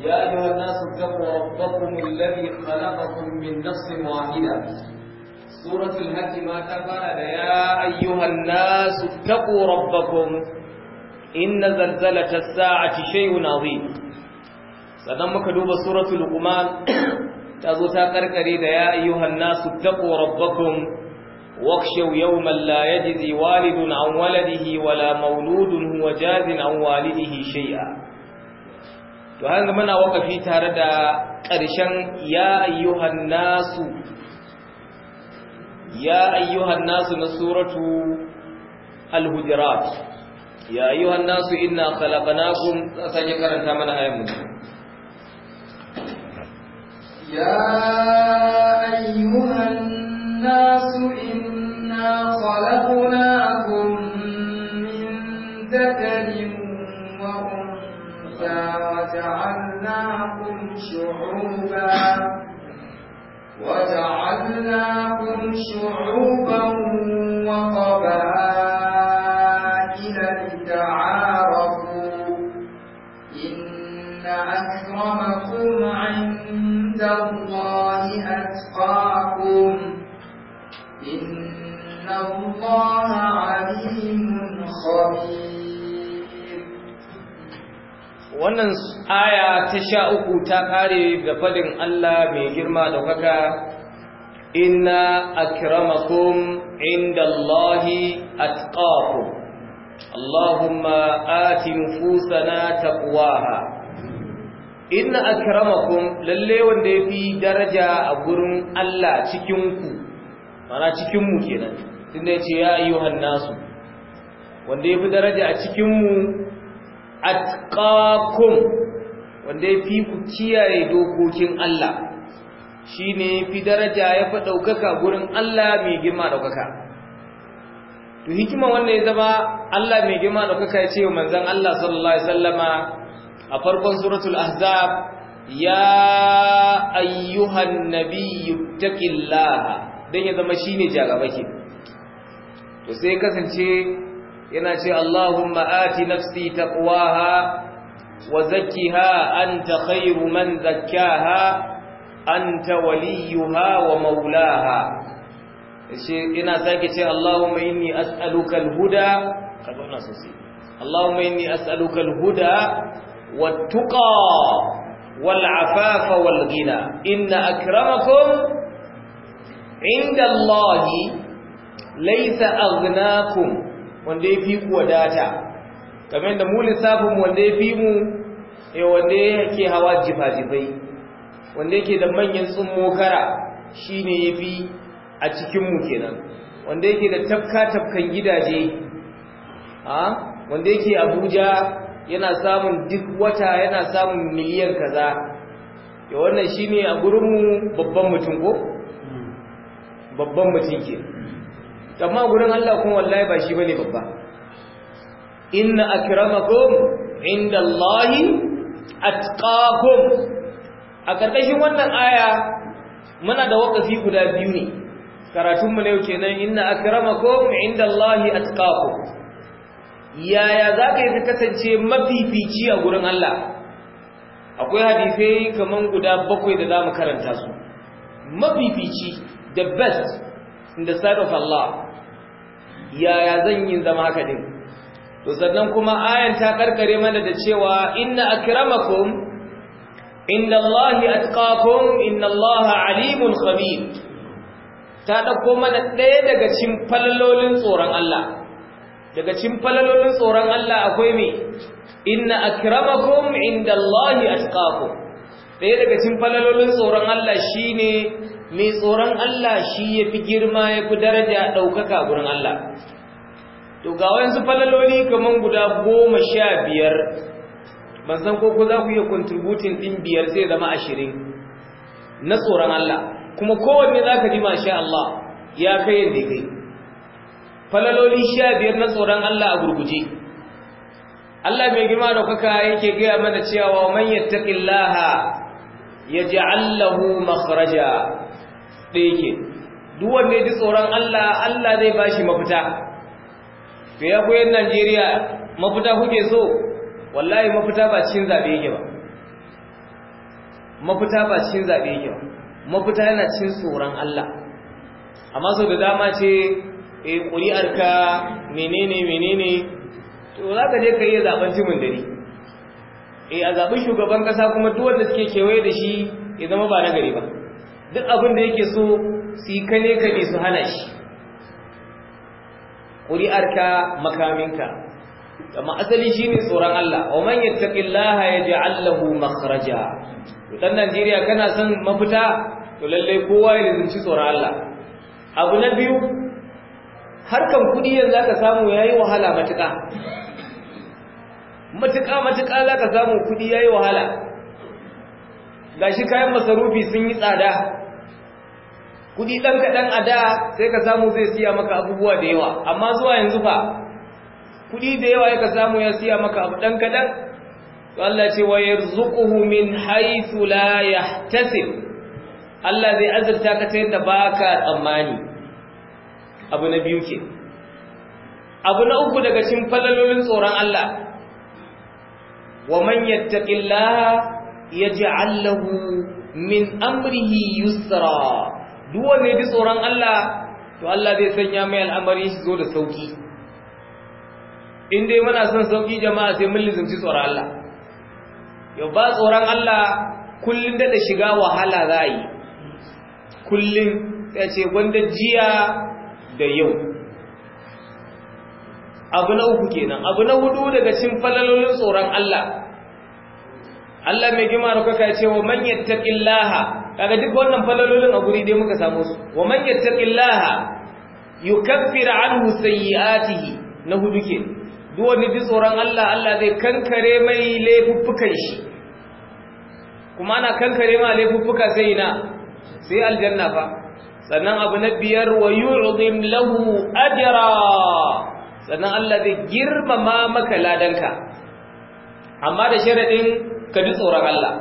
يا أيها الناس اتقوا ربكم الذي خلقكم من نفس واحدة سورة الهج ما تفعل يا أيها الناس اتقوا ربكم إن زلزلة الساعة شيء عظيم سنمك دوب سورة لقمان تزوتا تاقرقري يا أيها الناس اتقوا ربكم واخشوا يوما لا يجزي والد عن ولده ولا مولود هو جاز عن والده شيئا to hanga muna wakafi tare da ƙarshen ya ayyuhan nasu ya ayyuhan nasu na suratu al-hujurat ya ayyuhan nasu inna khalaqnakum sake karanta mana ayan mu ya ayyuhan nasu inna khalaqnakum وجعلناكم شعوبا وجعلناكم شعوبا وقبائل لتعارفوا إن أكرمكم عند الله أتقاكم إن الله عليم خبير wannan aya ta sha uku ta kare da fadin Allah mai girma ɗaukaka inna akramakum inda Allahi atqakum Allahumma ati nufusana taqwaha inna akramakum lalle wanda yafi daraja a gurin Allah cikin ku mana cikin mu kenan tunda yace ya ayyuhan nasu wanda yafi daraja a cikin mu atqakum wanda ya fi ku kiyaye dokokin Allah shine fi daraja ya fa daukaka gurin Allah mai girma daukaka to hikima wannan ya zama Allah mai girma daukaka ya ce wa manzon Allah sallallahu alaihi wasallama a farkon suratul ahzab ya ayyuhan nabiyyu taqillaha dan ya zama shine jagaba ke to sai kasance yana ce Allahumma ati nafsi taqwaha wa zakkiha anta khairu man zakkaha anta waliyuha wa maulaha shi ina sake ce Allahumma inni as'aluka al-huda kaga ina Allahumma inni as'aluka al-huda wat-tuqa wal-afafa wal-ghina inna akramakum inda Allah laysa aghnakum wanda ya fi ku wadata kamar da mu lissafin wanda ya fi mu e wanda ke hawa jifa-jifai wanda ke da manyan shi kara ya fi a cikin mu kenan wanda ke da tafka-tafkan gidaje a wanda ke Abuja yana samun duk wata yana samun miliyan kaza ya wannan shi ne a gurinmu, babban mutum ko hmm. babban mutum ke amma gurin Allah kuma wallahi ba shi bane babba inna akramakum indallahi atqakum a karkashin wannan aya muna da wakafi guda biyu ne karatun mu ne kenan inna akramakum indallahi atqakum yaya zaka yi kasance mafifici a gurin Allah akwai hadisai kaman guda bakwai da zamu karanta su mafifici the best in the sight of Allah yaya zan yi zama haka din to sannan kuma ayan ta karkare mana da cewa inna akramakum inda Allah atqakum inna Allah alimun khabir ta dauko mana ɗaya daga cikin falalolin tsoron Allah daga cikin falalolin tsoron Allah akwai me inna akramakum inda Allah atqakum ɗaya daga cikin falalolin tsoron Allah shi ne, mai tsoron Allah shi ya fi girma yafi daraja ɗaukaka gurin Allah to ga wayansu falaloli kamar guda goma sha biyar ban san ko za ku iya kontributin ɗin biyar sai zama ashirin na tsoron Allah kuma kowanne za ka ji masha Allah ya kai yadda kai falaloli sha biyar na tsoron Allah a gurguje Allah mai girma ɗaukaka yake gaya mana cewa man yattaqillaha Allahu lahu da yake duk wanda ya ji tsoron Allah Allah zai bashi mafita to ya koyar Najeriya mafita kuke so wallahi mafita ba cin zaɓe yake ba mafita ba cin zaɓe yake ba mafita yana cin tsoron Allah amma sau da dama ce eh, ƙuri'arka menene menene to za ka je ka iya zaɓen cimin dare eh a zaɓi shugaban ƙasa kuma duk wanda suke kewaye da shi ya zama ba na gari ba duk abin da yake so su yi kane kane su hana shi ƙuri'arka makaminka ma'asali asali ne tsoron Allah wa man yattaqillaha yaj'al lahu makhraja to dan Najeriya kana son mafita to lalle kowa ya lizinci tsoron Allah abu na biyu harkan kudi yanzu aka samu ya yi wahala matuka. matuƙa matuƙa za ka samu kuɗi ya yi wahala ga shi kayan masarufi sun yi tsada kuɗi ɗan kaɗan a da sai ka samu zai siya maka abubuwa da yawa amma zuwa yanzu fa kuɗi da yawa ya ka samu ya siya maka abu ɗan kaɗan Allah ce wa yarzuquhu min haythu la yahtasib Allah zai azurta ka ta yadda baka tsammani abu na biyu ke abu na uku daga cikin falalolin tsoron Allah wa يتق الله يجعل له min amrihi yusra duk wanda ya ji tsoron Allah to Allah zai sanya mai al'amari shi zo da sauki in dai muna son sauki jama'a sai mun lizumci tsoron Allah yau ba tsoron Allah kullun da shiga wahala za yi kullun sai ce gwanda jiya da yau abu na uku kenan abu na hudu daga cikin falalolin tsoron Allah Allah mai girma da kuka ce wa man yattaqillaha kaga duk wannan falalolin a guri dai muka samu su wa man yattaqillaha yukaffir anhu sayyi'atihi na hudu ke duk wani ji tsoron Allah Allah zai kankare mai laifuffukan shi kuma ana kankare ma laifuffuka sai na sai aljanna fa sannan abu na biyar wa yu'zim lahu ajra sannan Allah zai girmama maka ladanka amma da sharadin ka bi tsoron Allah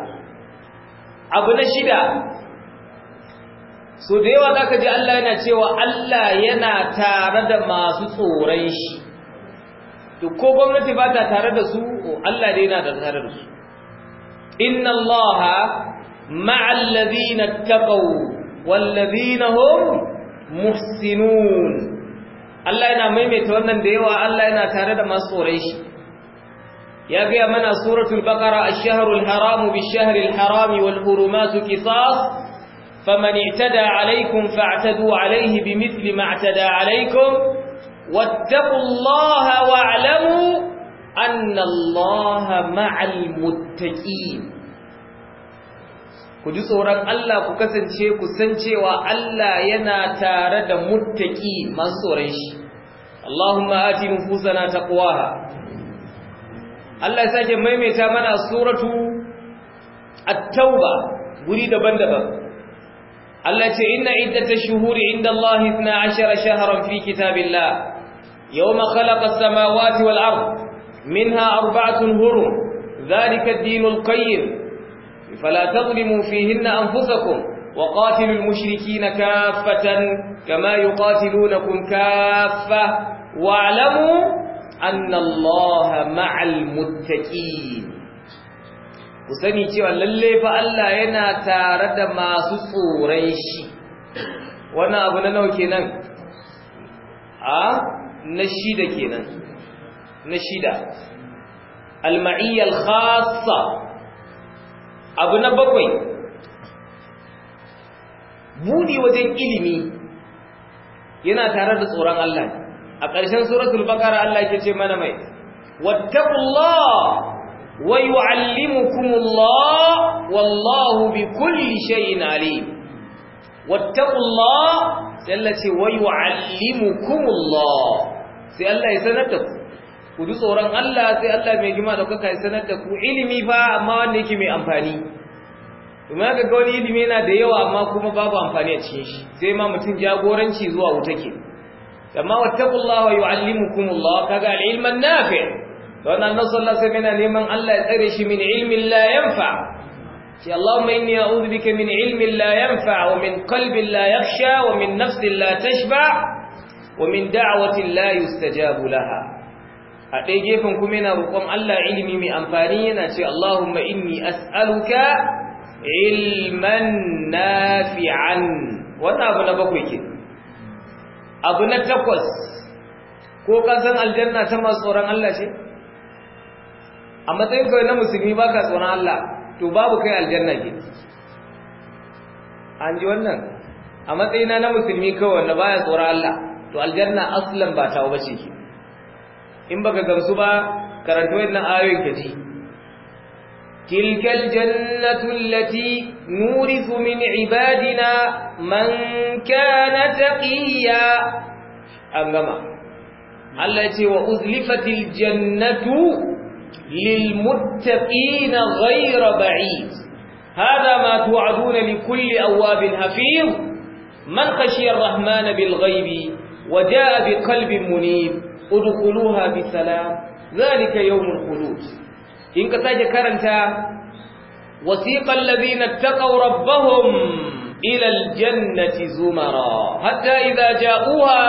abu na shida so da yawa zaka ji Allah yana cewa Allah yana tare da masu tsoron shi to ko gwamnati ba ta tare da su Allah dai yana da tare da su inna Allah ma'al ladina taqaw wal ladina hum muhsinun Allah yana maimaita wannan da yawa Allah yana tare da masu tsoron shi ya gaya mana suratul baqara ash-shahrul haram bish-shahril haram wal hurumatu qisas faman i'tada alaykum fa'tadu alayhi bimithli ma i'tada alaykum wattaqullaha wa'lamu anna Allaha ma'al muttaqin ku ji tsoron Allah ku kasance ku san cewa Allah yana tare da muttaki masu tsoron shi Allahumma ati nufusana taqwaha Allah ya sake maimaita mana suratu at-tauba guri daban-daban Allah ce inna iddatash shuhuri inda Allah 12 shahran fi kitabillah يوم خلق السماوات والأرض منها أربعة هرم ذلك الدين القيم فلا تظلموا فيهن أنفسكم وقاتلوا المشركين كافة كما يقاتلونكم كافة واعلموا أن الله مع المتقين ku sani cewa lalle fa Allah yana tare da masu tsoron shi wannan abu na nawa kenan na shida kenan na shida al abu na bakwai buɗi wajen ilimi yana tare da tsoron Allah a ƙarshen suratul baqara Allah yake ce mana mai wattaqullah wa yu'allimukumullah wallahu bikulli shay'in alim wattaqullah sai Allah ce wa yu'allimukumullah sai Allah ya sanar da ku ku tsoron Allah sai Allah mai gima ɗaukaka ya sanar da ku ilimi fa amma wanda yake mai amfani domin haka ga wani ilimi yana da yawa amma kuma babu amfani a cikin shi sai ma mutum jagoranci zuwa wuta ke amma wattaqullaha wa yu'allimukumullah kaga al-ilman nafi don annabi sallallahu alaihi wasallam neman Allah ya tsare shi min ilmin la yanfa shi Allahumma inni a'udhu bika min ilmin la yanfa wa min qalbin la yakhsha wa min nafsin la tashba wa min da'watin la yustajabu laha a ɗaya gefen kuma yana roƙon Allah ilimi mai amfani yana ce Allahumma inni as'aluka ilman nafi'an wannan abu na bakwai ke abu na takwas ko ka san aljanna ta masu tsoron Allah ce a matsayin kawai na musulmi ba ka tsoron Allah to babu kai aljanna ke an ji wannan a matsayina na musulmi kawai na baya tsoron Allah to aljanna aslan ba ta bace ke in baka gamsu ba karanta wannan ayoyin ka ji tilkal jannatu allati nurithu min ibadina man kana taqiya an gama Allah ce wa uzlifatil jannatu lil muttaqina ghayra ba'id hada ma tu'aduna li kulli awabin hafiz man khashiya ar-rahmana bil ghaibi wa jaa bi qalbin munib udkhuluha bi ni zalika yawmul khulud in ka sake karanta wasiqal ladina taqaw rabbahum ila aljannati zumara hatta idha ja'uha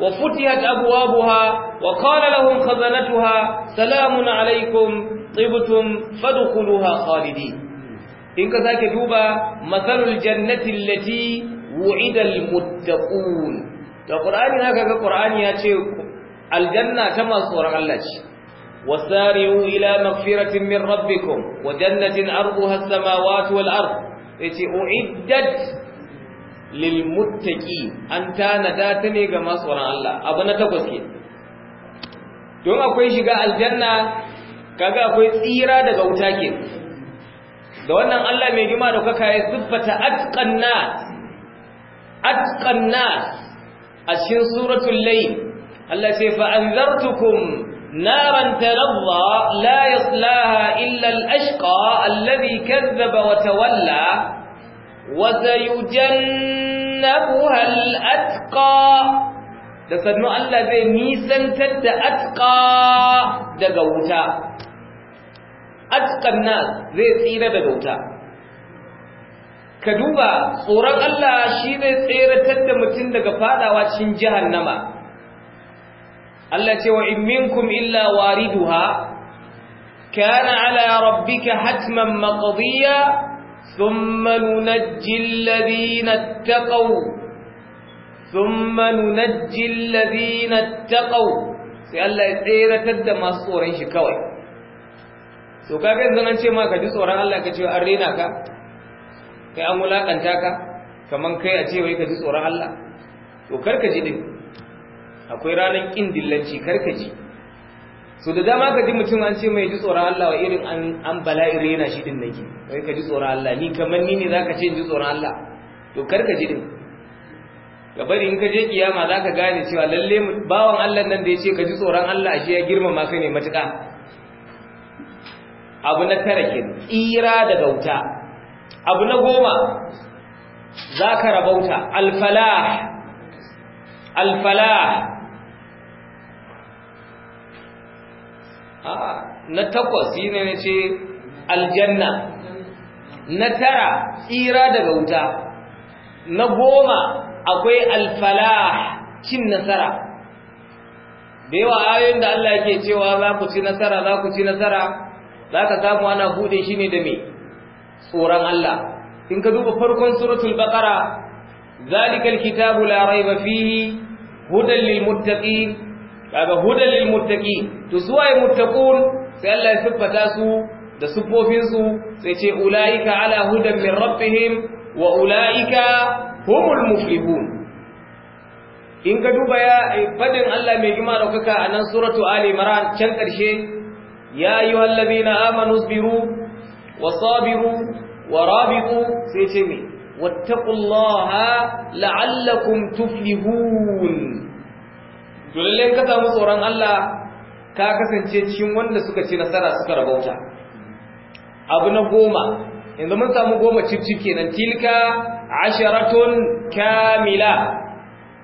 wa futihat abwabuha wa qala lahum khazanatuha salamun alaykum tibtum fadkhuluha khalidin in ka sake duba masalul jannati allati wu'ida almuttaqun to qur'ani haka ga qur'ani ya ce aljanna ta masu tsoron Allah ce wasari'u ila magfiratin min rabbikum wa jannatin arduha as-samawati wal ya ce uiddat lil muttaqi an tanada ta ne ga masu tsoron Allah abu na takwas ke don akwai shiga aljanna kaga akwai tsira daga wuta ke da wannan Allah mai gima da kaka ya siffata atqan nas nas a cikin suratul layl Allah ce fa anzartukum naran talazza la yaslaha illa al-ashqa alladhi kazzaba wa tawalla wa sayujannabuha al-atqa da sannu Allah zai nisantar da atqa daga wuta atqan nas zai tsira daga wuta ka duba tsoron Allah shi zai tseratar da mutum daga fadawa cikin jahannama Allah ce wa in minkum illa wariduha kana ala rabbika hatman maqdiya thumma nunajji alladhina ittaqaw thumma nunajji alladhina ittaqaw sai Allah ya tseratar da masu tsoron shi kawai so kaga yanzu an ce ma ka ji tsoron Allah ka ce an rena ka kai an wulakanta ka kaman kai a ce wai ka ji tsoron Allah to karka ji din akwai ranar ƙin dillanci karkaji so da dama ka ji mutum an ce mai ji tsoron Allah wa irin an bala'ir yana shi din nake wai ka ji tsoron Allah ni kamar ni ne ka ce ji tsoron Allah to karka ji din ga bari in ka je kiyama ka gane cewa lalle bawan Allah nan da ya ce ka ji tsoron Allah ashe ya girmama kai ne matuƙa abu na tara ke tsira da gauta. abu na goma za ka rabauta alfalah alfalah na takwas shi ne ce aljanna na tara tsira daga wuta na goma akwai alfalah cin nasara da yawa ayoyin da Allah yake cewa za ku ci nasara za ku ci nasara za ka samu ana buɗe shi ne da me tsoron Allah in ka duba farkon suratul baqara zalikal kitabu la raiba fihi hudan lil kaga hudal lil muttaqi to suwaye muttaqun sai Allah ya siffata su da siffofin su sai ce ulaika ala hudan min rabbihim wa ulaika humul muflihun in ka duba ya eh, fadin Allah mai gima daukaka a nan suratu ali imran can karshe ya ayyuhal ladina amanu sabiru wasabiru warabitu sai ce me wattaqullaha la'allakum tuflihun to lalle ka samu tsoron Allah ka kasance cikin wanda suka ci nasara suka rabauta abu na goma yanzu mun samu goma cif kenan tilka asharatun kamila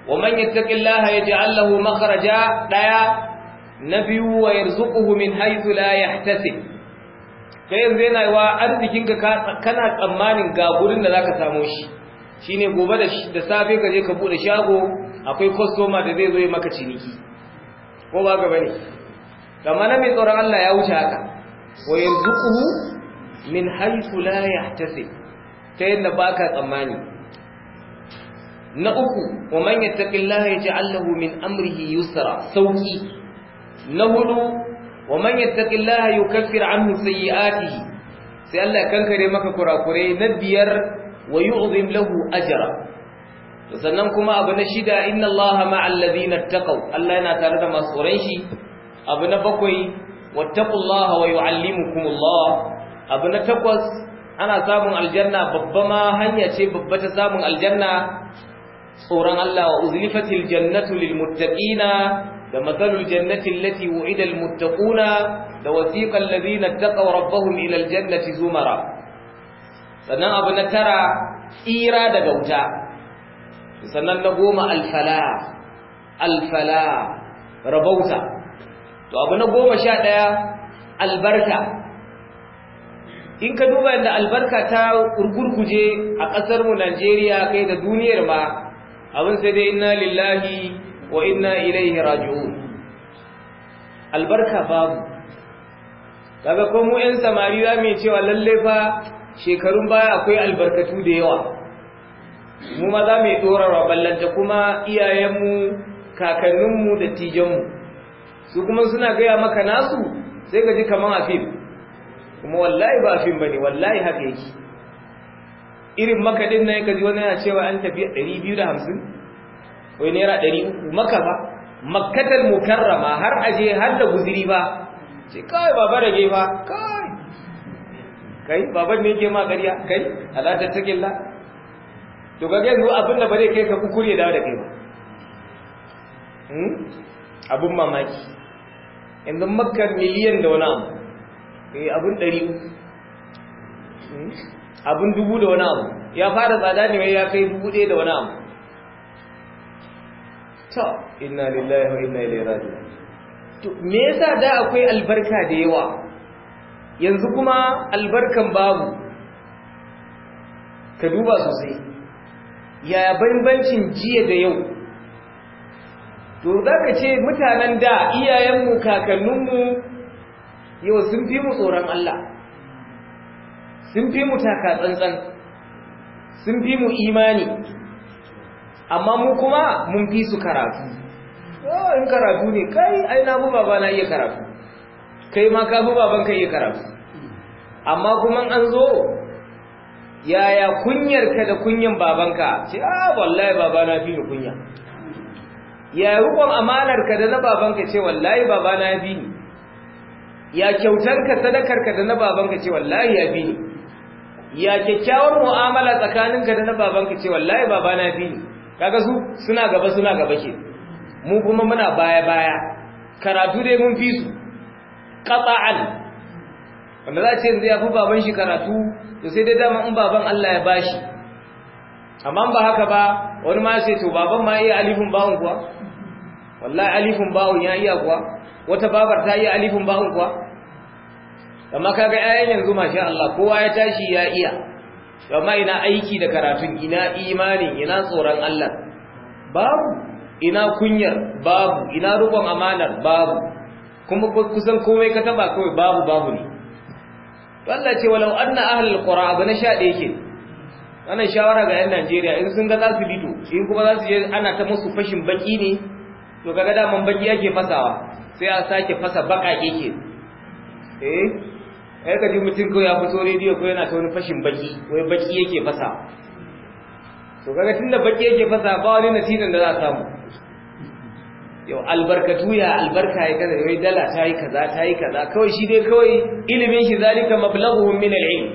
wa man yattaqillaha yaj'al lahu makhraja daya na biyu wa yarzuquhu min haythu la yahtasib kai yanzu yana wa arzikin ka kana tsammanin ga gurin da zaka samu shi shine gobe da safe ka je ka bude shago akwai kwastoma da zai zo ya maka ciniki ko ba gaba ne kama na mai tsoron Allah ya wuce haka wa yarzuquhu min haifu la yahtasib ta yadda baka tsammani na uku wa man yattaqillaha yaj'al lahu min amrihi yusra sauki na hudu wa man yattaqillaha yukaffir anhu sayyi'atihi sai Allah ya kankare maka kurakurai na biyar wa yu'zim lahu ajara to sannan kuma abu na shida inna allaha ma'al ladina taqaw Allah yana tare da masu tsoron shi abu na bakwai wattaqullaha wa yu'allimukumullah abu na takwas ana samun aljanna babba ma hanya ce babba ta samun aljanna tsoron Allah wa uzlifatil jannatu lil muttaqina da matsalul jannati allati wu'ida al muttaquna da wasiqa alladhina taqaw rabbahum ila al jannati zumara sannan abu na tara tsira daga wuta sannan na goma alfala alfala rabauta to abu na goma sha ɗaya albarka in ka duba yadda albarka ta urgurguje a ƙasarmu najeriya kai da duniyar ma abin sai dai inna lillahi wa inna ilaihi raji'un albarka babu kaga ko mu 'yan samari za mu cewa lalle fa shekarun baya akwai albarkatu da yawa mu ma za mu yi ɗorarwa ballanta kuma iyayenmu kakanninmu da tijanmu su kuma suna gaya maka nasu sai ka ji kamar a fim kuma wallahi ba a fim ba ne wallahi haka yake irin makaɗin na ya ji wani yana cewa an tafi 250 wai naira 300 maka ba makkatar mukarrama har aje har da guziri ba ce kawai baba rage ba kawai kai baban ne ke ma ƙarya kai alatar takin la to ga yanzu abin da ba zai kai ka kukure dawo da kai ba hmm? abin mamaki yanzu makar miliyan da wani abu eh abin ɗari hmm? abin dubu da wani abu ya fara tsada ne mai ya kai dubu ɗaya da wani abu ta inna lillahi wa inna ilaihi raji'un to me yasa da akwai albarka da yawa yanzu kuma albarkan babu ka duba sosai yaya banbancin jiya da yau to za ka ce mutanen da iyayenmu kakanninmu yau sun fi mu tsoron Allah sun fi mu taka tsantsan sun fi mu imani amma mu kuma mun fi su karatu oh, in karatu ne kai ai na bu baba na iya karatu kai ma ka bu baban ka iya karatu amma kuma an zo yaya kunyarka da kunyan babanka ce a ah, wallahi babana fi ni kunya ya rukun amanarka da na babanka ce wallahi babana ya bi ni ya kyautarka sadakarka da na babanka ce wallahi ya fi ni ya kyakkyawar mu'amala tsakaninka da na babanka ce wallahi babana ya bi ni kaga su suna gaba suna gaba ke mu kuma muna baya baya karatu dai mun fi su qata'an wanda za a ce yanzu ya fi baban shi karatu to sai dai dama in baban Allah ya bashi amma ba haka ba wani ma sai to baban ma iya alifin bawon kuwa wallahi alifin bawon ya iya kuwa wata babar ta iya alifin bawon kuwa amma kaga ayyan yanzu masha Allah kowa ya tashi ya iya amma ina aiki da karatun ina imanin ina tsoron Allah babu ina kunyar babu ina rubon amanar babu kuma kusan komai ka taba kawai babu babu ne Allah ce walau anna ahlul qura abu na sha ɗaya ke wannan shawara ga yan Najeriya in sun ga za su bito in kuma za su je ana ta musu fashin baki ne to kaga man baki yake fasawa sai a sake fasa baka yake eh ai ji mutum ko ya fito radio ko yana ta wani fashin baki wai baki yake fasa to kaga tunda baki yake fasa ba wani nasiran da za a samu yau albarkatu ya albarka ya kaza yau dala ta yi kaza ta yi kaza kawai shi dai kawai ilimin shi zalika mablaghuhum min al-ilm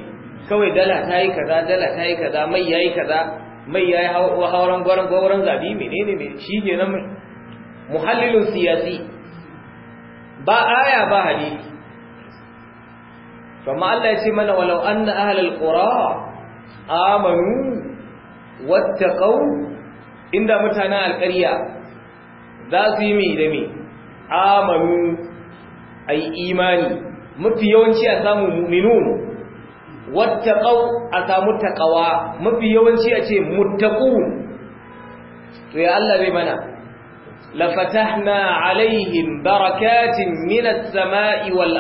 kawai dala ta yi kaza dala ta yi kaza mai yayi kaza mai yayi hauran gwaran gwaran zabi menene ne shi ne nan muhallilun siyasi ba aya ba hadisi kuma Allah ya ce mana walau anna ahlul qura amanu wattaqu inda mutanen alƙarya za su yi mai da mai amanu a yi imani mafi yawanci a samu mu'minun ƙau a samu taƙawa mafi yawanci a ce mutaƙu to ya Allah bai mana lafatahna alaihim barakatin minas sama'i wal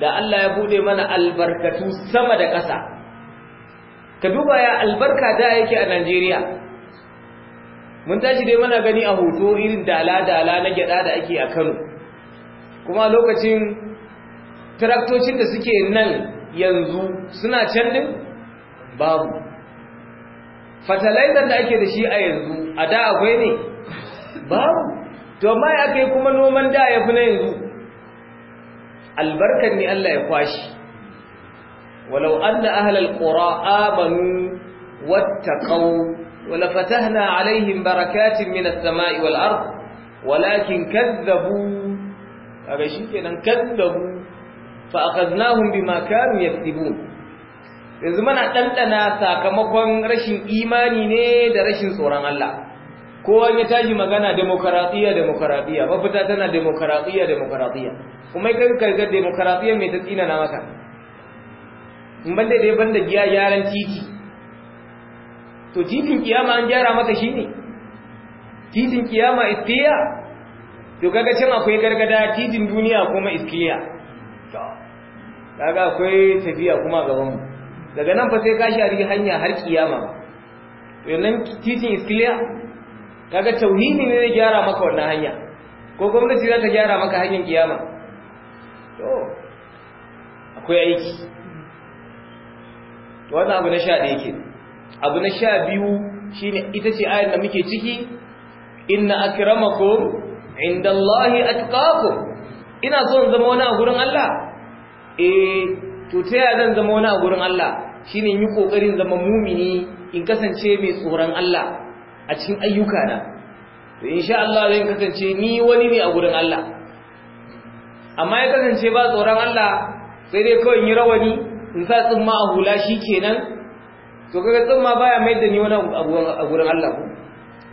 da Allah ya bude mana albarkatu sama da ƙasa ka duba ya albarka da yake a Najeriya mun tashi dai mana gani a hoto irin dala-dala na gyada da ake a kano kuma lokacin traktocin da suke nan yanzu suna can din babu fertilizer da ake da shi a yanzu a da akwai ne babu to amma ya kai kuma noman da ya fi na yanzu albarkar ne Allah ya kwashi walau anna ahlal qura wata ƙau ولفتحنا عليهم بركات من السماء والأرض ولكن كذبوا هذا شيء كذبوا فأخذناهم بما كانوا يكسبون yanzu mana ɗanɗana sakamakon rashin imani ne da rashin tsoron Allah kowa ya tashi magana demokaratiyya demokaratiyya mafita tana demokaratiyya demokaratiyya kuma kai karkar demokaratiyya mai ta tsina na maka in banda dai banda giya yaran titi to titin kiyama an gyara maka shi ne titin kiyama iskiya to kaga can akwai gargada titin duniya kuma iskiya to kaga akwai tafiya kuma gaban mu daga nan fa sai ka shari hanya har kiyama to nan titin iskiya kaga tauhidi ne ne gyara maka wannan hanya ko gwamnati za ta gyara maka hanyar kiyama to akwai aiki to wannan abu na sha ɗaya kenan abu na sha biyu shi ne ita ce ayar da muke ciki inna akramakum indallahi atqakum ina so in zama wani a gurin Allah eh to ta yaya zan zama wani a gurin Allah ne yi kokarin zama mumini in kasance mai tsoron Allah a cikin ayyukana to sha Allah zai kasance ni wani ne a gurin Allah amma ya kasance ba tsoron Allah sai dai kawai yi rawani in sa tsumma a hula shi kenan. to kaga tsumma baya mai da ni wani a gurin Allah ku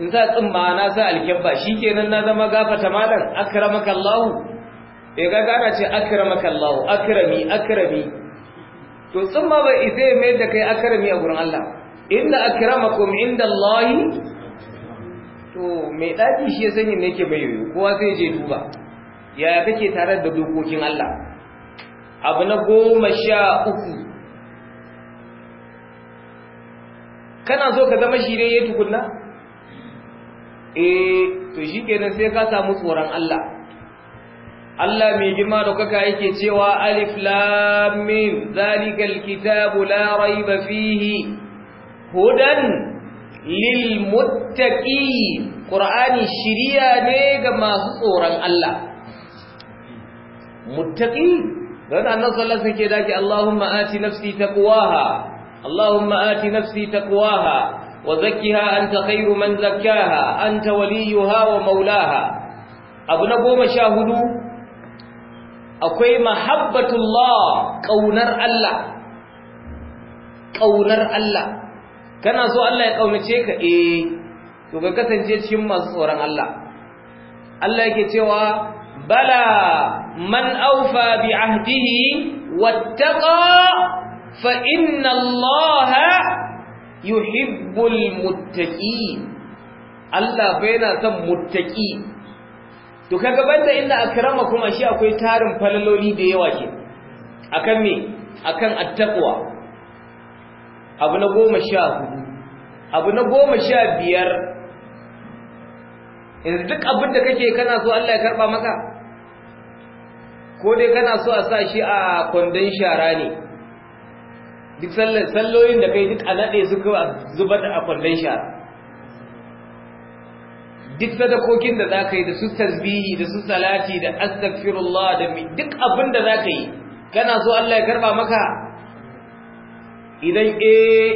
in sa tsumma na sa alkebba shikenan na zama gafata malam akramaka Allah eh kaga ana ce akramaka Allah akrami akrami to tsumma ba ise mai da kai akrami a gurin Allah inna akramakum inda Allah to mai daki shi ya sani ne ke mai yoyo kowa sai je duba yaya kake tare da dokokin Allah abu na goma sha uku kana so ka zama shi ya tukunna eh to shi nan sai ka samu tsoron Allah Allah mai girma da kaka yake cewa alif lam mim zalikal kitabu la raiba fihi hudan lil muttaqi qur'ani shiriya ne ga masu tsoron Allah muttaqi dan annabi sallallahu alaihi wasallam yake dake Allahumma ati nafsi taqwaha اللهم آت نفسي تقواها وزكها أنت خير من زكاها أنت وليها ومولاها أبنى قوم شاهدوا أقوي محبة الله قونر الله قونر الله كان سؤال الله يقول شيك إيه تقول كتنجي شمع صورا الله الله يكتوى بلى من أوفى بعهده واتقى fa inna allaha yuhibbul muttaqin Allah fa na son muttaqi to kaga banda inna akrama kuma shi akwai tarin falaloli da yawa ke akan me akan attaqwa abu na 14 abu na 15 yanzu duk abin da kake kana so Allah ya karba maka ko dai kana so a sa shi a kwandon shara ne duk salloyin da kai duk a naɗe suka zubar a kwallon sha duk sadakokin da za ka yi da su tasbihi da su salati da astaghfirullah da duk abin da za ka yi kana so Allah ya karba maka idan eh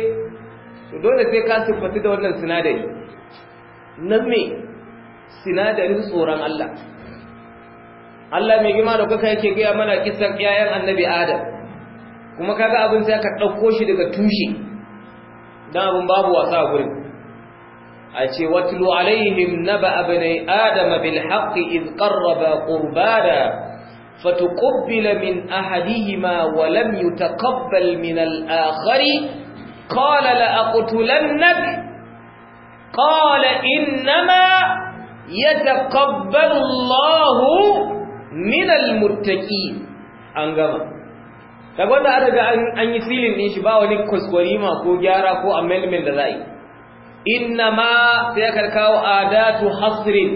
to dole sai ka siffatu da wannan sinadari nan me sinadarin tsoron Allah Allah mai gima da kuka yake gaya mana kisan 'ya'yan annabi Adam kuma kaga abin sai ka ɗauko shi daga tushe dan abin babu wasa a gurin a ce watulu alaihim na ba abinai adama bil haƙi iz ƙarraba ƙurbada fatuƙubbila min ahadihima wa lam yutaqabbal min al-akhari قال لأقتلنك قال إنما يتقبل الله من المتقين أنقذ kaga wanda aka ga an yi silin din shi ba wani kwaskwarima ko gyara ko amendment da za yi inna ma sai ka kawo adatu hasrin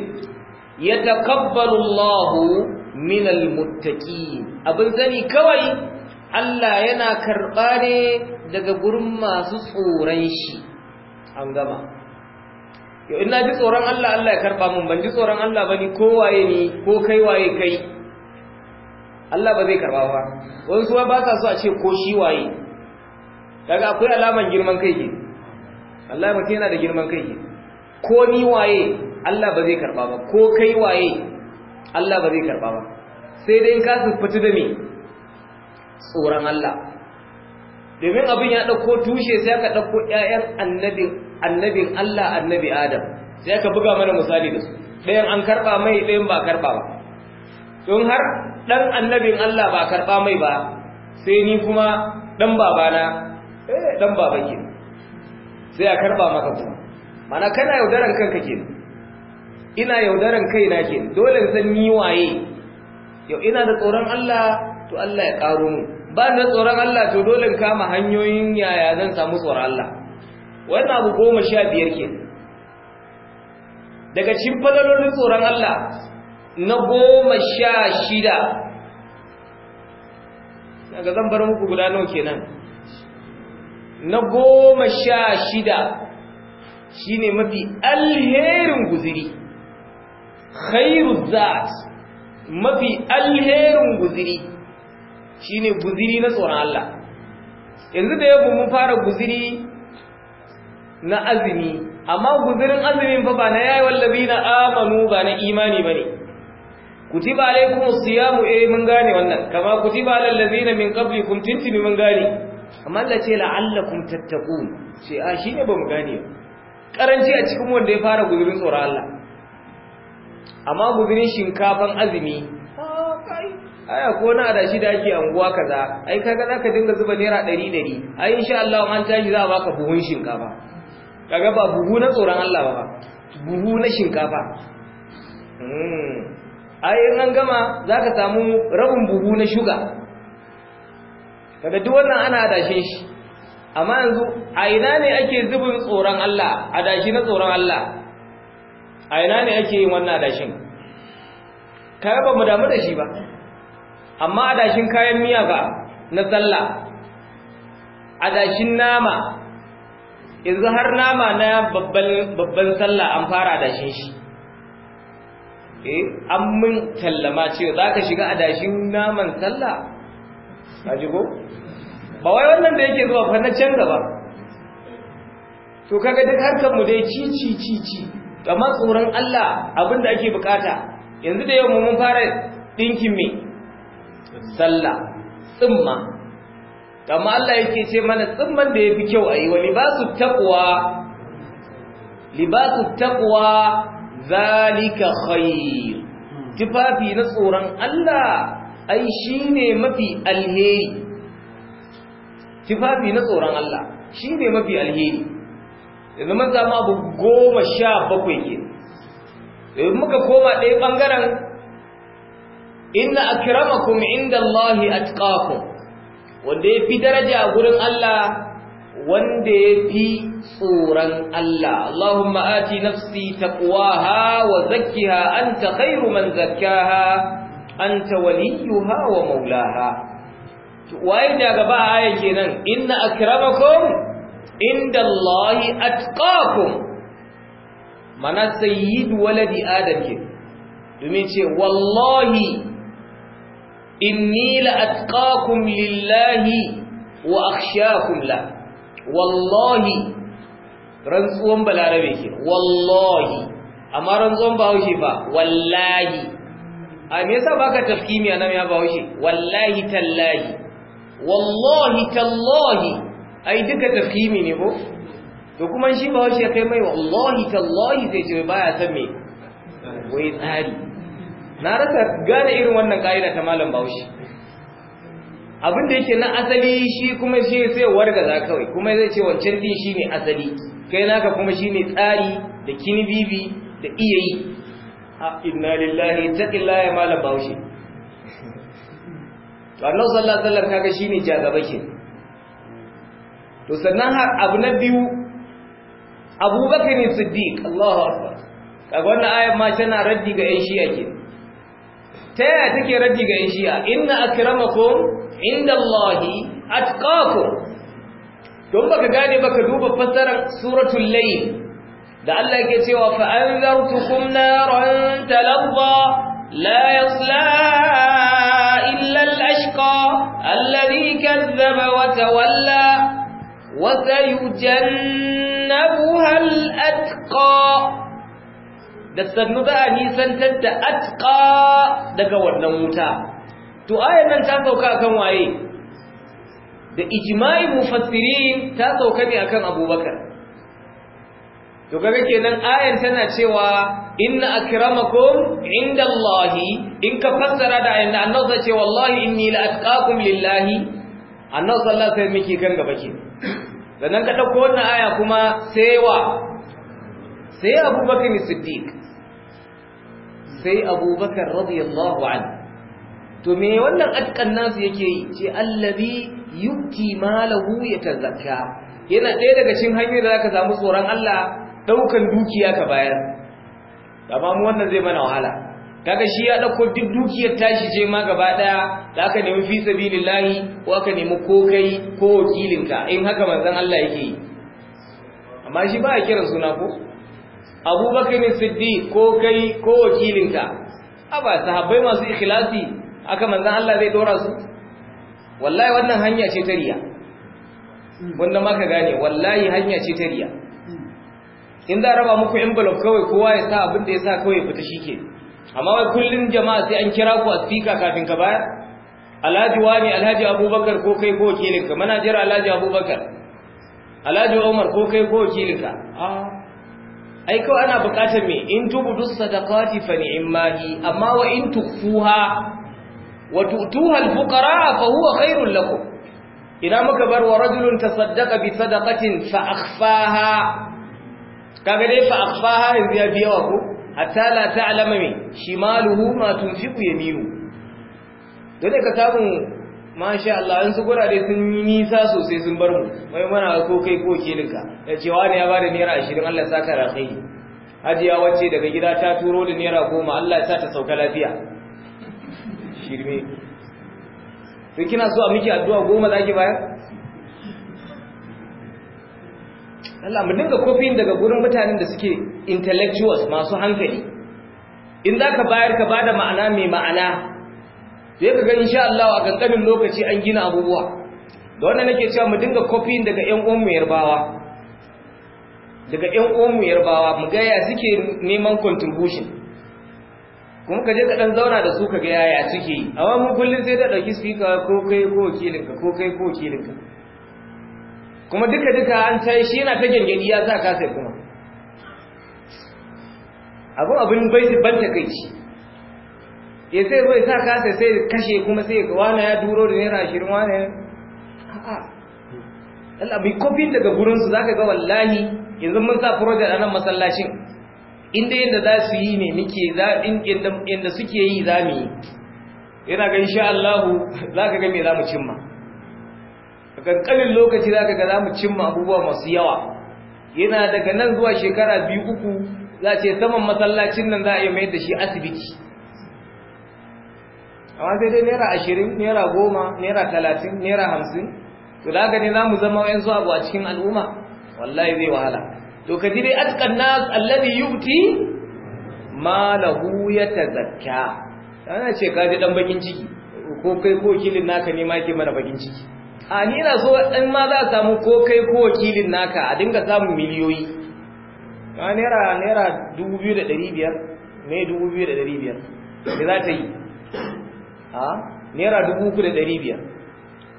yatakabbalu Allah min almuttaqi abin sani kawai Allah yana karɓa ne daga gurin masu tsoron shi an gama yau ina ji tsoron Allah Allah ya karɓa mun ban ji tsoron Allah bane ko waye ko kai waye kai Allah ba zai karba ba wasu su ba sa so a ce ko shi waye daga akwai alaman girman kai ke Allah mutum yana da girman kai ke ko ni waye Allah ba zai karba ba ko kai waye Allah ba zai karba ba sai dai ka suffutu da me tsoron Allah domin abin ya ɗauko tushe sai aka ɗauko ƴaƴan annabin annabin Allah annabi Adam sai aka buga mana misali da su ɗayan an karɓa mai ɗayan ba karɓa ba don har dan annabin Allah ba karba mai ba sai ni kuma dan babana eh dan baba ke sai a karba maka kuma mana kana yaudaran kanka ke ina yaudaran kaina ke dole san ni waye yau ina da tsoron Allah to Allah ya karo mu ba da tsoron Allah to dole kama hanyoyin yaya zan samu tsoron Allah wannan abu goma sha biyar ke daga cikin falalolin tsoron Allah na goma sha shida daga zan bar muku guda nawa kenan na goma sha shida shi ne mafi alherin guziri khairu zaat mafi alherin guziri shi ne guziri na tsoron Allah yanzu da yau mun fara guziri na azumi amma guzirin azumin fa ba na yayi na amanu ba na imani ba ne. kutiba alaikum siyamu eh mun gane wannan kama kutiba alal ladina min qablikum tintini mun gane amma Allah ce la'allakum tattaqun ce a ah, shine ba mu gane karanci a cikin wanda ya fara guzurin tsoron Allah amma guzurin shinkafan azumi aya ko na adashi da ake anguwa kaza ai kaga zaka dinga zuba naira 100 ai insha Allah an tashi za a baka buhun shinkafa kaga ba buhu na tsoron Allah ba buhu na shinkafa hmm. ai in an gama za ka samu rabin buhu na shuga daga duk wannan ana adashin shi amma yanzu a ina ne ake zubin tsoron Allah adashi na tsoron Allah a ina ne ake yin wannan adashin kayan ba mu damu da shi ba amma adashin kayan miya ba na sallah adashin nama yanzu har nama na babban sallah an fara adashin shi eh an mun tallama cewa za ka shiga adashin naman sallah a ji ko ba wai wannan da yake zuwa fannin can gaba to kaga duk harkar mu dai ci ci ci ci tsoron Allah abin da ake bukata yanzu da yau mun fara dinkin me sallah tsimma kamar Allah yake ce mana tsimman da yafi kyau ayi wa libasu taqwa libasu taqwa zalika khair tufafi na tsoron Allah ai shine mafi alheri tufafi na tsoron Allah shine mafi alheri yanzu mun zama abu goma sha bakwai ke yanzu muka koma ɗaya ɓangaren inna akramakum inda Allahi atqakum wanda ya fi daraja gurin Allah wanda ya fi tsoron Allah Allahumma ati nafsi taqwaha wa zakkiha anta khairu man zakkaha anta waliyuha wa maulaha waye da gaba ayan kenan inna akramakum indallahi atqakum mana sayyid waladi adam ke domin ce wallahi inni la lillahi wa akhshakum la wallahi rantsuwan balarabe ke wallahi amma rantsuwan bahaushe ba wallahi a me yasa baka tafkimi anan ya bahaushe wallahi tallahi wallahi tallahi ai duka tafkimi ne ko to kuma shi bahaushe kai mai wallahi tallahi zai ce baya san me wai tsari na rasa gane irin wannan ka'ida ta malam bahaushe abin da yake na asali shi kuma shi sai za kawai kuma zai ce wancan din shi ne asali kai naka kuma shi ne tsari da kini bibi, da iya yi a inna lillahi taqillahi ya malam baushe annabi sallallahu alaihi wasallam kaga shi ne ke to sannan har abu na biyu abubakar siddiq Allahu akbar kaga wannan ayar ma tana raddi ga yan shi kenan ta yaya take raddi ga yan shi'a inna akramakum indallahi atqakum don baka gane baka duba fasarar suratul layl da Allah yake cewa fa anzartukum naran talazza la yaslaha illa al-ashqa alladhi kazzaba wa tawalla wa sayujannabuha al-atqa da sannu za a nisantar da atka daga wannan wuta to ayan nan ta sauka akan waye da ijma'i mufassirin ta sauka ne akan abubakar to kaga kenan ayan tana cewa inna akramakum indallahi in ka fassara da ayan annabi ce wallahi inni la atqakum lillahi annabi sallallahu alaihi wasallam miki kan gaba ke sannan ka dauko wannan aya kuma sai wa sai abubakar siddiq sai abubakar radiyallahu an to me wannan atkan nasu yake yi ce allabi yuki malahu ya tazakka yana ɗaya daga cikin hanyoyin da zaka samu tsoron Allah daukan dukiya ka bayar amma mu wannan zai mana wahala kaga shi ya dauko duk dukiyar tashi je ma gaba daya zaka nemi fi sabilillahi ko aka nemi ko kai ko wakilinka in haka manzon Allah yake yi amma shi ba a kiran suna ko abubakar siddi ko kai ko wakilinka ba sahabbai masu ikhlasi aka manzan Allah zai dora su wallahi wannan hanya ce ta riya wanda maka gane wallahi hanya ce ta riya in da raba muku envelope kawai kowa ya sa abin da ya sa kawai fita shike amma wai kullun jama'a sai an kira ku a speaker kafin ka bayar alhaji wani alhaji abubakar ko kai ko wakilinka manajer alhaji abubakar alhaji umar ko kai ko wakilinka ah ai kawai ana bukatar me in tubudu sadaqati fa ni'mahi amma wa in tukhfuha wa tu'tuha al-fuqara fa huwa khairul lakum idan muka bar wa rajulun tasaddaqa bi sadaqatin fa akhfaha kaga dai fa akhfaha yanzu ya biya wa ko hatta la ta'lama me shimaluhu ma tunfiqu yaminu dole ka samu masha Allah an su gurare sun yi nisa sosai sun bar mu mai mana ko kai ko kilinka da cewa ne ya bada naira 20 Allah ya saka rakai hajiya wacce daga gida ta turo da naira 10 Allah ya sa ta sauka lafiya shirme to kina so a miki addu'a goma zaki bayar Allah mu dinga kofin daga gurin mutanen da suke intellectuals masu hankali in zaka bayar ka bada ma'ana mai ma'ana sai ka ga insha Allah a kankanin lokaci an gina abubuwa da wannan nake cewa mu dinga copying daga ƴan uwan mu yarbawa daga ƴan uwan mu yarbawa mu ga ya suke neman contribution kuma ka je ka dan zauna da su ka ga yaya suke yi amma mun kullun sai da dauki speaker ko kai ko ka ko kai ko ka kuma duka duka an tai shi yana ta gengedi ya sa ka sai kuma abu abin bai ban takeici ya sai zo sa kasa sai kashe kuma sai ga wani ya duro da naira ashirin wani ya a'a Allah mai kofin daga gurinsu za ka ga wallahi yanzu mun sa furoja a nan masallacin inda yadda za su yi ne muke inda suke yi za mu yi yana ga insha Allahu za ka ga me za mu cimma a ƙanƙanin lokaci za ka ga za mu cimma abubuwa masu yawa yana daga nan zuwa shekara biyu uku za a ce saman masallacin nan za a yi mai da shi asibiti amma sai dai naira ashirin naira goma naira talatin naira hamsin to da haka ne za mu zama wa yanzu abu a cikin al'umma wallahi zai wahala to ka ji dai atkan nas alladhi yu'ti ta yatazakka ana ce ka ji dan bakin ciki ko kai ko kilin naka ne ma yake mana bakin ciki a ni na so dan ma za a samu ko kai ko kilin naka a dinga samun miliyoyi a naira naira da ne biyar, me za ta yi ha naira dubu uku da ɗari biyar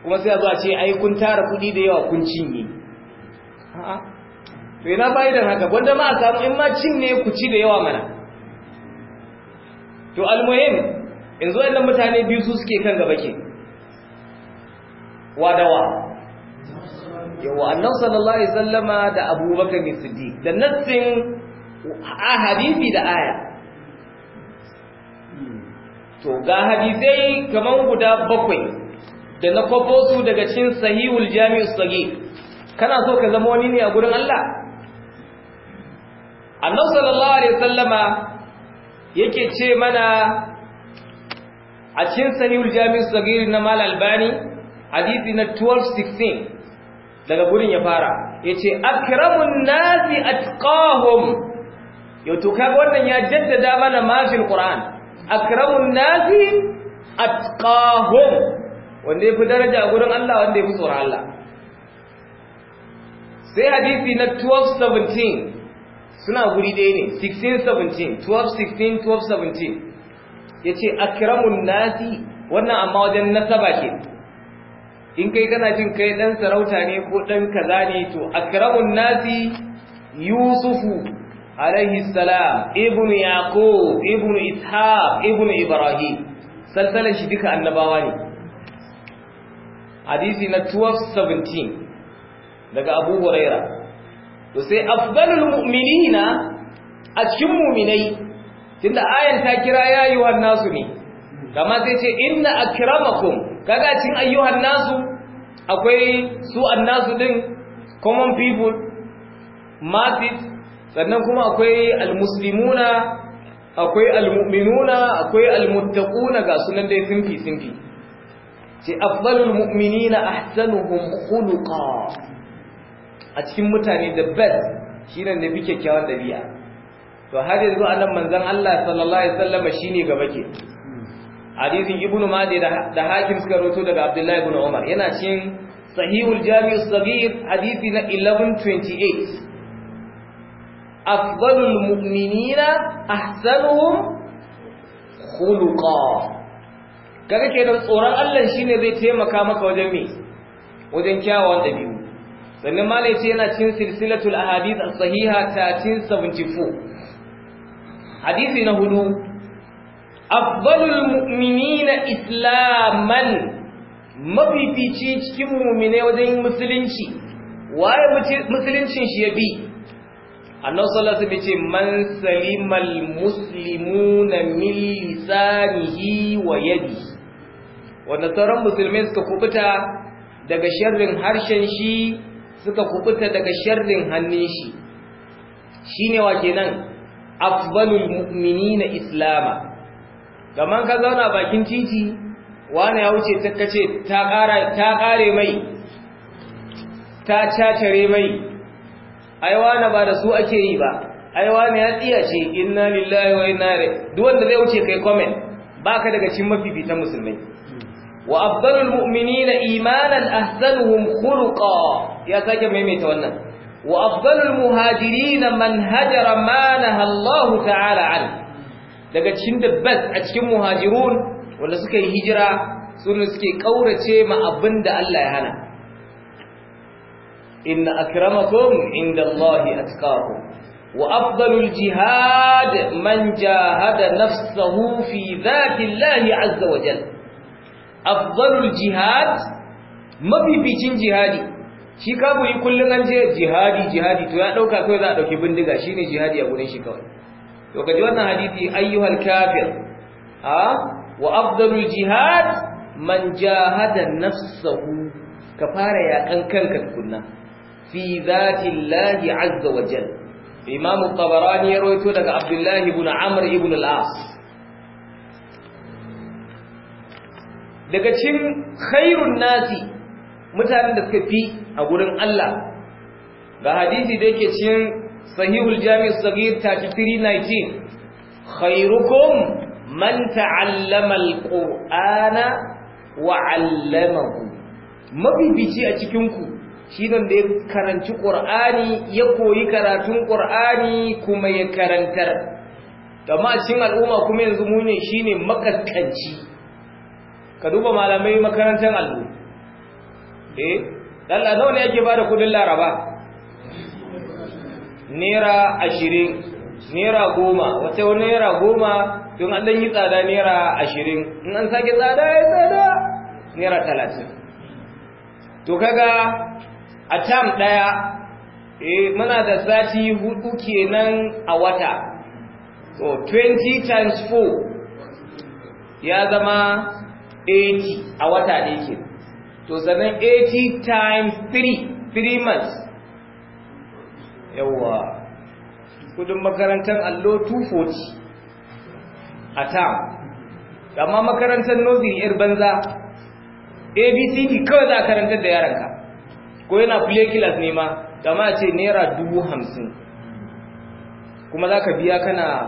kuma sai a zuwa ce ai kun tara kuɗi da yawa kun cinye to ina fa'idan haka gwanda ma a samu in ma cinye ku ci da yawa mana to almuhim in zo yadda mutane biyu su suke kan gaba ke wadawa yawa annan sallallahu alaihi sallama da abubakar mai siddiq da nassin a hadisi da aya to ga hadisai kaman guda bakwai da na kwafo su daga cin sahihul jami'u sagi kana so ka zama wani ne a gurin Allah annabi sallallahu alaihi wasallama yake ce mana a cin sahihul jami'u sagi na mal albani hadisi na 1216 daga gurin ya fara yace akramun nasi atqahum yau to kaga wannan ya jaddada mana mafil qur'an akramun nasi atqahum wanda ya fi daraja a gurin Allah wanda ya fi tsoron Allah sai Hadithi na 1217 suna guri ɗaya ne 1617 1216 1217 ce akramun nasi wannan amma wajen nasaba ke in kai kana jin kai ɗan sarauta ne ko ɗan kaza ne to akramun nasi yusufu alaihi salam ibnu yaqub ibnu ishaq ibnu ibrahim salsalan shi duka annabawa ne hadisi na 1217 daga abu huraira to sai afdalul mu'minina a cikin mu'minai tunda ayan ta kira ya nasu ne kama sai ce inna akramakum kaga cin ayyuhan nasu akwai su annasu din common people masses sannan kuma akwai almuslimuna akwai almu'minuna akwai almuttaquna ga sunan dai sinfi sinfi ce afdalul mu'minina ahsanuhum khuluqa a cikin mutane the best shine ne bi kyakkyawan dabi'a to har yanzu anan manzon Allah sallallahu alaihi wasallam shine gaba ke hadisin ibnu madi da hakim suka rawaito daga abdullahi ibn umar yana cikin sahihul jami'us as-saghir hadisi na 1128 afdalul mu'minina ahsanuhum khuluqa kaga kenan tsoron Allah shine zai taimaka maka wajen me wajen kyawawan dabi'u sannan malai ce yana cikin silsilatul ahadith as-sahiha 1374 hadisi na hudu afdalul mu'minina islaman mafifici cikin mu'mine wajen musulunci waye musuluncin shi ya bi annabi sallallahu alaihi wasallam ce man salimal muslimuna min lisanihi wa yadi wanda sauran musulmai suka kubuta daga sharrin harshen shi suka kubuta daga sharrin hannun shi shine wa kenan afdalul mu'minina islama kaman ka zauna bakin titi wani ya wuce ta kace ta kare mai ta cacare mai aiwa na ba da su ake yi ba aiwa na ya tsiya ce inna lillahi wa inna ilaihi duk wanda zai wuce kai comment baka daga cikin mafifita musulmai wa afdalul mu'minina imanan ahsanuhum khuluqa ya sake maimaita wannan wa afdalul muhajirina man hajara ma naha Allah ta'ala an daga cikin da bas a cikin muhajirun wanda suka yi hijira sun suke kaurace ma abinda Allah ya hana إن أكرمكم عند الله أتقاكم وأفضل الجهاد من جاهد نفسه في ذات الله عز وجل أفضل الجهاد ما في بيتين جهادي shi kaburi kullum an je jihadi jihadi to ya dauka kai za a dauki bindiga shine jihadi a gurin shi kawai to kaji wannan hadisi ayyuhal kafir ha, wa afdalul jihad man jahada nafsahu ka fara yakan kanka tukunna fi zatillahi azza wa jal imamu tabarani ya rawaito daga abdullahi ibn amr ibn al-as daga cin khairun nasi mutanen da suka fi a gurin Allah ga hadisi da yake cin sahihul jami' as-saghir 3319 khairukum man ta'allama al-qur'ana wa 'allamahu mabibici a cikin ku shi nan da ya karanci ƙur'ani ya koyi karatun ƙur'ani kuma ya karantar amma cikin al'umma kuma yanzu shi ne shine makaskanci ka duba malamai makarantar allo eh dalla nawa ne yake da kudin laraba naira ashirin, naira goma. wata wani naira goma don an dan yi tsada naira ashirin? in an sake tsada ya tsada naira talatin. to kaga a tam ɗaya e, muna da sati hudu kenan a wata so 20 times 4 ya zama 80 a wata ne ke to sannan 80 times 3 3 months yawa kudin makarantar allo 240 a tam amma makarantar nozi yar banza abcd kawai za a karantar da yaranka ko yana fule kilas ne ma kama a ce naira dubu hamsin kuma za ka biya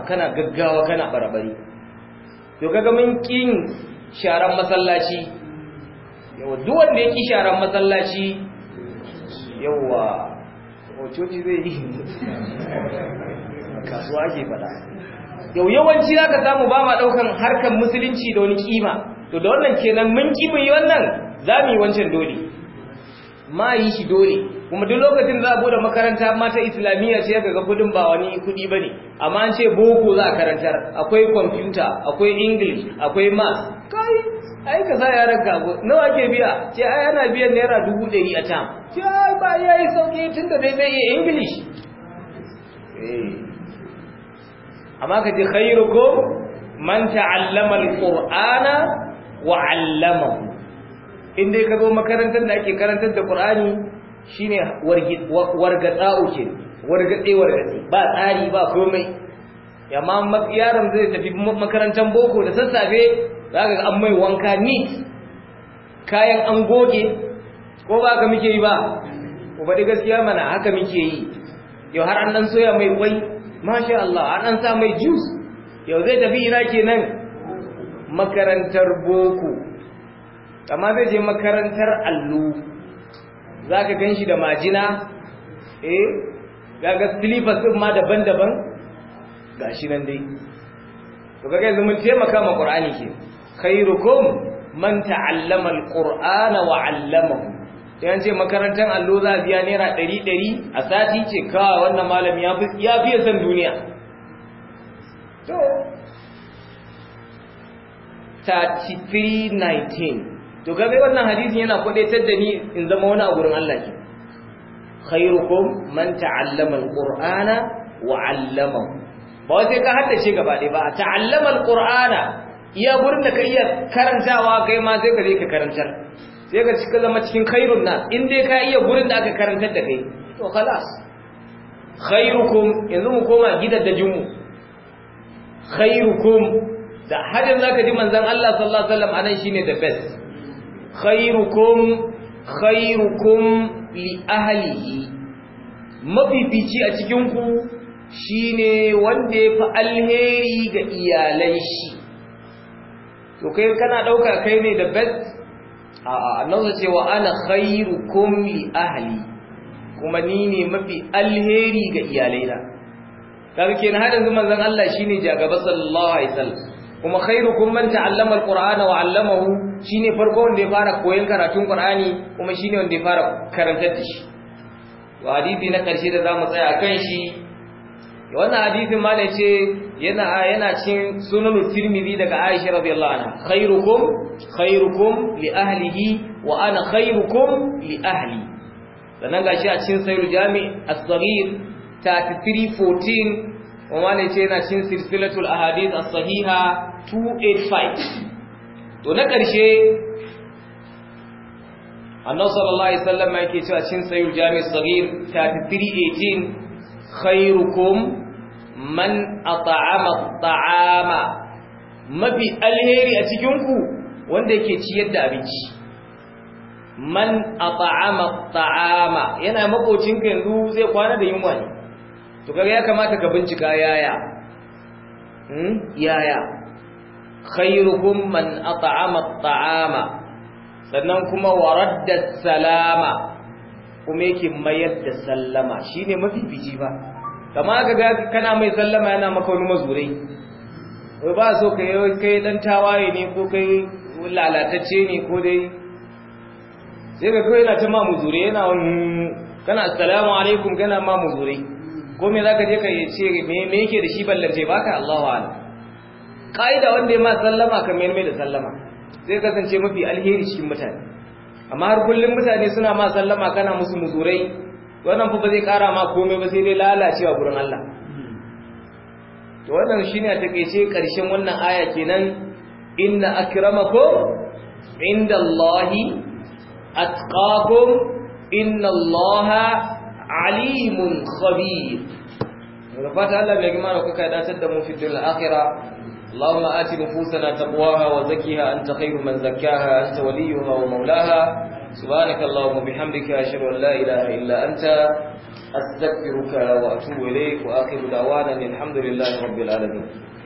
kana gaggawa kana barabari to kaga mun kin sharan masallaci yawa duk wanda ya ki sharan masallaci yawa hococi zai yi kasuwa ke fada yau yawanci za ka samu ba ma ɗaukan harkar musulunci da wani kima to da wannan kenan mun kimin wannan za mu yi wancan dole ma yi shi dole kuma duk lokacin za a bude makaranta mata islamiyya ce ga ga kudin ba wani kudi bane amma an ce boko za a karantar akwai computer akwai english akwai math kai ai ka sa yaran ka nawa ke biya ce ai ana biyan naira dubu ɗari a tam ce ai ba yayi sauki tunda dai bai yi eh amma ka ce khairukum man ta'allama alqur'ana wa 'allamahu in dai ka zo makarantar da ake karantar da shi shine wargatsa uke wargatse wargatse ba tsari ba komai Yamma yaron zai tafi makarantar boko da sassafe za ga an mai wanka ni kayan an goge ko ba ka muke yi ba ko ba gaskiya mana haka muke yi yau har an dan soya mai kwai masha Allah an dan sa mai jus. yau zai tafi ina kenan makarantar boko amma zai je makarantar allo za ka gan shi da majina eh ga silifas ɗin ma daban-daban ga shi nan dai to ga kai mun taimaka ma ƙur'ani ke khairukum man ta'allama alqur'ana wa 'allamahu dan ce makarantar allo za biya naira 100 a sati ce ka wannan malami ya fi ya fi san duniya to 3319 to kaga wannan hadisin yana kwadaitar da ni in zama wani a gurin Allah ke khairukum man ta'allama alqur'ana wa 'allamahu ba wai sai ka haddace gaba dai ba ta'allama alqur'ana iya gurin da ka iya karantawa kai ma sai ka je ka karantar sai ka cika zama cikin khairun nas in dai ka iya gurin da aka karantar da kai to khalas khairukum yanzu mu koma da mu khairukum da hadin zaka ji manzon Allah sallallahu alaihi wasallam anan shine the best khairukum khairukum li ahlihi mafifici a cikin ku shine wanda yafi alheri ga iyalan shi to kai kana dauka kai ne da best a a annabi ce wa ana khairukum li ahli kuma ni ne mafi alheri ga iyalaina kaga kenan har yanzu manzon Allah shine jagaba sallallahu alaihi wasallam kuma kun man ta'allama alqur'ana wa 'allamahu shine farko wanda ya fara koyon karatun qur'ani kuma shine wanda ya fara karantar da shi wa hadisi na karshe da zamu tsaya akan shi wannan hadisin ma ne ce yana yana cin sunan tirmidhi daga Aisha radiyallahu anha khairukum khairukum li ahlihi wa ana khairukum li ahli sannan gashi a cikin sayyid jami' as-saghir 3314 kuma ce yana cin silsilatul ahadith as-sahiha 285 to na ƙarshe annabi sallallahu alaihi wasallam yake cewa cin sayyid jami'i saghir 3318 khairukum man at'ama at'ama mafi alheri a cikin ku wanda yake ciyar da abinci man at'ama at'ama yana makocin ka yanzu zai kwana da yunwa ne to kaga ya kamata ka bincika yaya hmm yaya khairukum man at'ama at'ama sannan kuma waradda salama kuma yake mayar da sallama shine mafifici ba kama ga kana mai sallama yana maka wani mazurai wai ba so kai kai dan tawaye ne ko kai lalatacce ne ko dai sai ga kai na ta ma muzure yana wani kana assalamu alaikum kana ma muzure ko me zaka je ka ce me me yake da shi ballace baka Allahu a'lam ka'ida wanda ya ma sallama ka mayar mai da sallama zai kasance mafi alheri cikin mutane amma har kullum mutane suna ma sallama kana musu muzurai wannan fa zai kara ma komai ba sai dai lalacewa gurin Allah to wannan shine a takeice karshen wannan aya kenan inna akramakum indallahi atqakum innallaha alimun khabir da fata Allah mai gima da kuka da mu fi dunya akhirah اللهم آت نفوسنا تقواها وزكها أنت خير من زكاها أنت وليها ومولاها سبحانك اللهم وبحمدك أشهد أن لا إله إلا أنت أستغفرك وأتوب إليك وآخر دعوانا الحمد لله رب العالمين